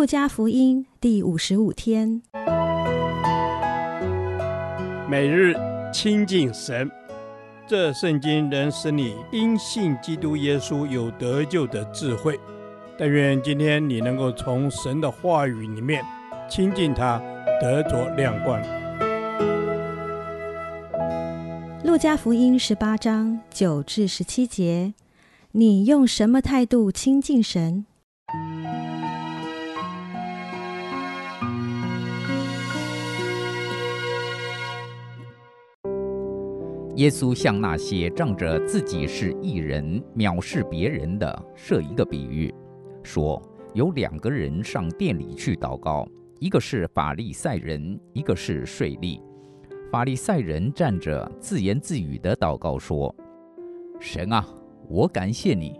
路加福音第五十五天，每日親近神，這聖經能使你因信基督耶穌有得救的智慧。但願今天你能夠從神的話語裡面親近他，得着亮光。路加福音十八章九至十七節，你用什麼態度親近神？耶穌向那些仗着自己是義人藐視別人的設一個比喻，說，有兩個人上殿裡去禱告，一個是法利賽人，一個是稅吏。法利賽人站着自言自語地禱告說：“神啊，我感謝你，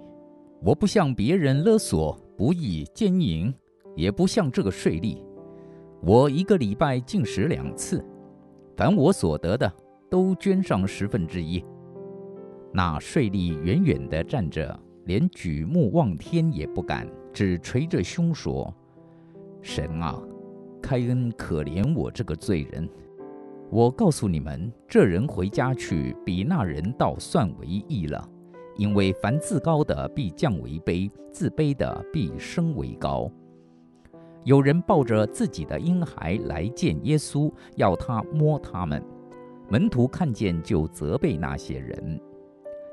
我不像別人勒索、不義、姦淫，也不像這個稅吏，我一個禮拜禁食兩次，凡我所得的。”都捐上十分之一。那稅吏遠遠的站着，連舉目望天也不敢，只捶着胸說：“神啊，開恩可憐我這個罪人。”我告訴你們，這人回家去，比那人倒算為義了，因為凡自高的必降為卑，自卑的必升為高。有人抱着自己的嬰孩來見耶穌，要他摸他們。門徒看見，就責備那些人。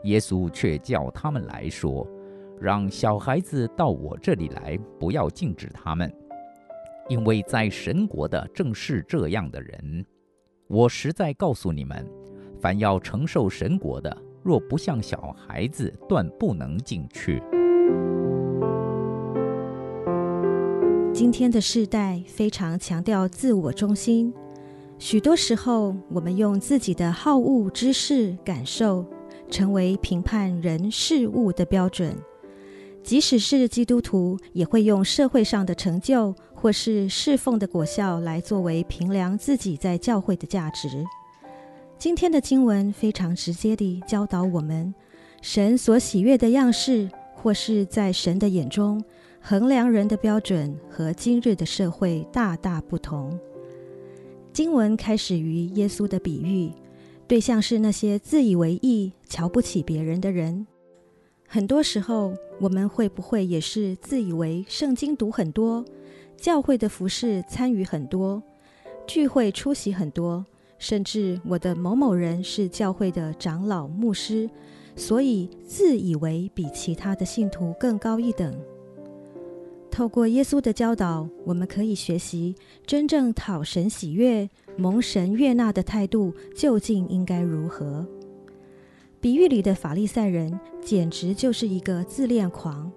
耶穌卻叫他們來說：“讓小孩子到我這裡來，不要禁止他們，因為在神國的正是這樣的人。我實在告訴你們，凡要承受神國的，若不像小孩子，斷不能進去。”今天的世代非常強調自我中心。許多時候，我們用自己的好惡、知識、感受，成為評判人事物的標準。即使是基督徒，也會用社會上的成就，或是侍奉的果效，來作為評量自己在教會的價值。今天的經文非常直接地教導我們，神所喜悅的樣式，或是在神的眼中衡量人的標準，和今日的社會大大不同。經文開始於耶穌的比喻，對象是那些自以為義，瞧不起別人的人。很多時候，我們會不會也是自以為聖經讀很多，教會的服事參與很多，聚會出席很多，甚至我的某某人是教會的長老、牧師，所以自以為比其他的信徒更高一等？透過耶穌的教導，我們可以學習真正討神喜悅、蒙神悅納的態度究竟應該如何。比喻裡的法利賽人簡直就是一個自戀狂，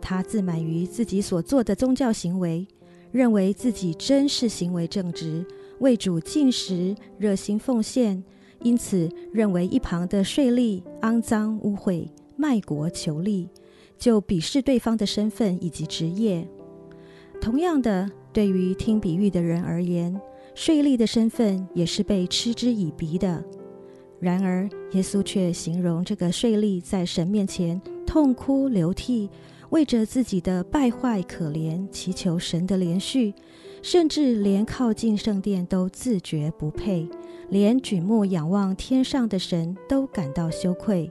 他自滿於自己所做的宗教行為，認為自己真是行為正直，為主禁食，熱心奉獻，因此認為一旁的稅吏骯髒污穢，賣國求利。就鄙視對方的身份以及職業。同樣的，對於聽比喻的人而言，稅吏的身份也是被嗤之以鼻的。然而，耶穌卻形容這個稅吏在神面前痛哭流涕，為着自己的敗壞可憐，祈求神的憐恤，甚至連靠近聖殿都自覺不配，連舉目仰望天上的神都感到羞愧。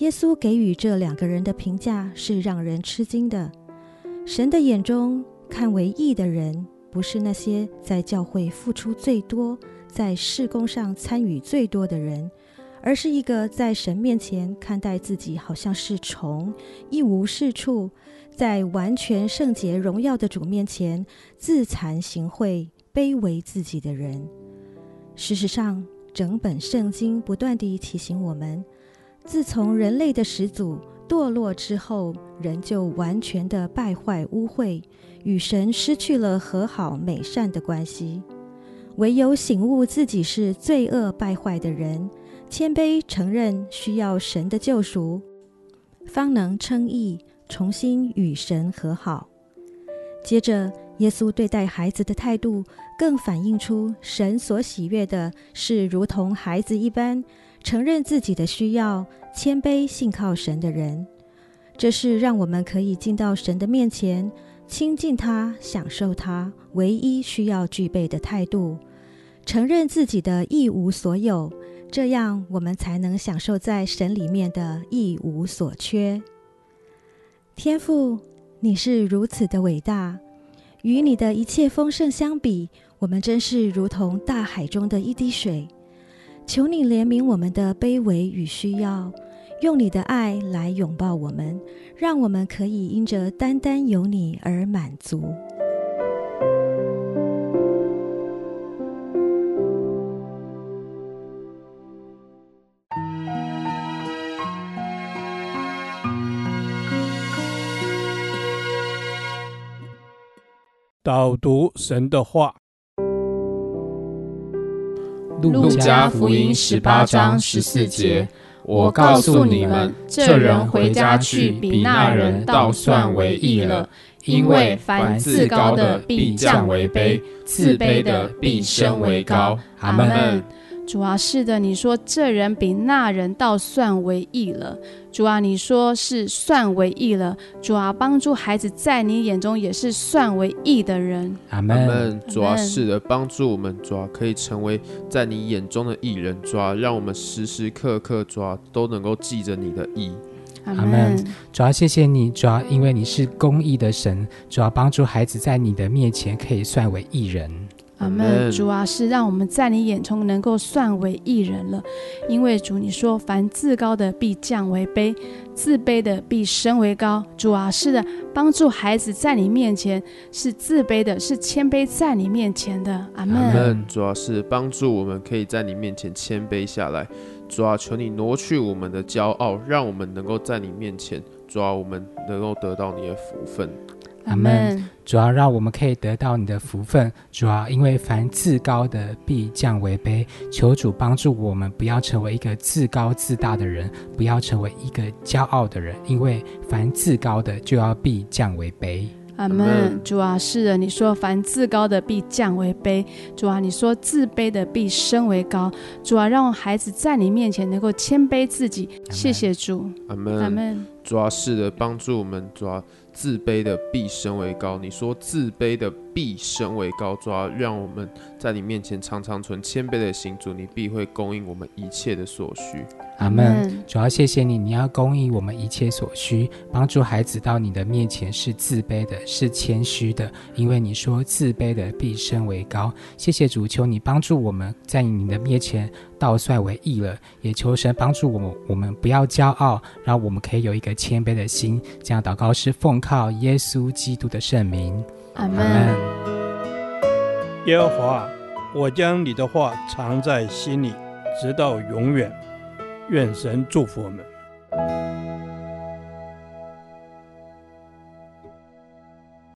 耶穌給予這兩個人的評價是讓人吃驚的。神的眼中看為義的人，不是那些在教會付出最多、在事工上參與最多的人，而是一個在神面前看待自己好像是蟲、一無是處，在完全聖潔榮耀的主面前自慚形穢、卑微自己的人。事實上，整本聖經不斷地提醒我們，自從人類的始祖墮落之後，人就完全的敗壞污穢，與神失去了和好美善的關係。唯有醒悟自己是罪惡敗壞的人，謙卑承認需要神的救贖，方能稱義，重新與神和好。接着，耶穌對待孩子的態度更反映出神所喜悅的是如同孩子一般。承認自己的需要，謙卑信靠神的人，這是讓我們可以進到神的面前，親近他，享受他，唯一需要具備的態度。承認自己的一無所有，這樣我們才能享受在神裡面的一無所缺。天父，你是如此的偉大，與你的一切豐盛相比，我們真是如同大海中的一滴水。求你憐憫我們的卑微與需要，用你的愛來擁抱我們，讓我們可以因着單單有你而滿足。導讀神的話。路加福音十八章十四節，我告訴你們，這人回家去，比那人倒算為義了，因為凡自高的必降為卑，自卑的必升為高。阿門。主啊，是的，你說這人比那人倒算為義了。主啊，你說是算為義了。主啊，幫助孩子在你眼中也是算為義的人。阿們。主啊，是的，幫助我們，主啊，可以成為在你眼中的義人。主啊，讓我們時時刻刻主啊都能夠記着你的義。阿們。主啊，謝謝你，主啊，因為你是公義的神，主啊，幫助孩子在你的面前可以算為義人。阿門！Amen Amen 主啊，是讓我們在你眼中能夠算為義人了，因為主，你說凡自高的必降為卑，自卑的必升為高。主啊，是的，幫助孩子在你面前是自卑的，是謙卑在你面前的。阿門！Amen 主啊，是幫助我們可以在你面前謙卑下來。主啊，求你挪去我們的驕傲，讓我們能夠在你面前，主啊，我們能夠得到你的福分。阿門，Amen 主要讓我們可以得到你的福分。主要因為凡自高的必降為卑，求主幫助我們不要成為一個自高自大的人，不要成為一個驕傲的人。因為凡自高的就要必降為卑。Amen Amen 主啊，是的。你說凡自高的必降為卑。主啊，你說自卑的必升為高。主啊，讓孩子在你面前能夠謙卑自己。Amen 謝謝主。阿門 Amen。Amen 主啊，是的，幫助我們主啊。自卑的必升為高，你說自卑的必升為高，主要讓我們在你面前常常存謙卑的心，主你必會供應我們一切的所需。阿門、嗯。主要謝謝你，你要供應我們一切所需，幫助孩子到你的面前是自卑的，是謙虛的，因為你說自卑的必升為高。謝謝主，求你幫助我們在你的面前。倒算為義了，也求神幫助我們，我們不要驕傲，讓我們可以有一個謙卑的心，這樣禱告是奉靠耶穌基督的聖名。阿門 Amen。Amen 耶和華，我將你的話藏在心裡，直到永遠。願神祝福我們。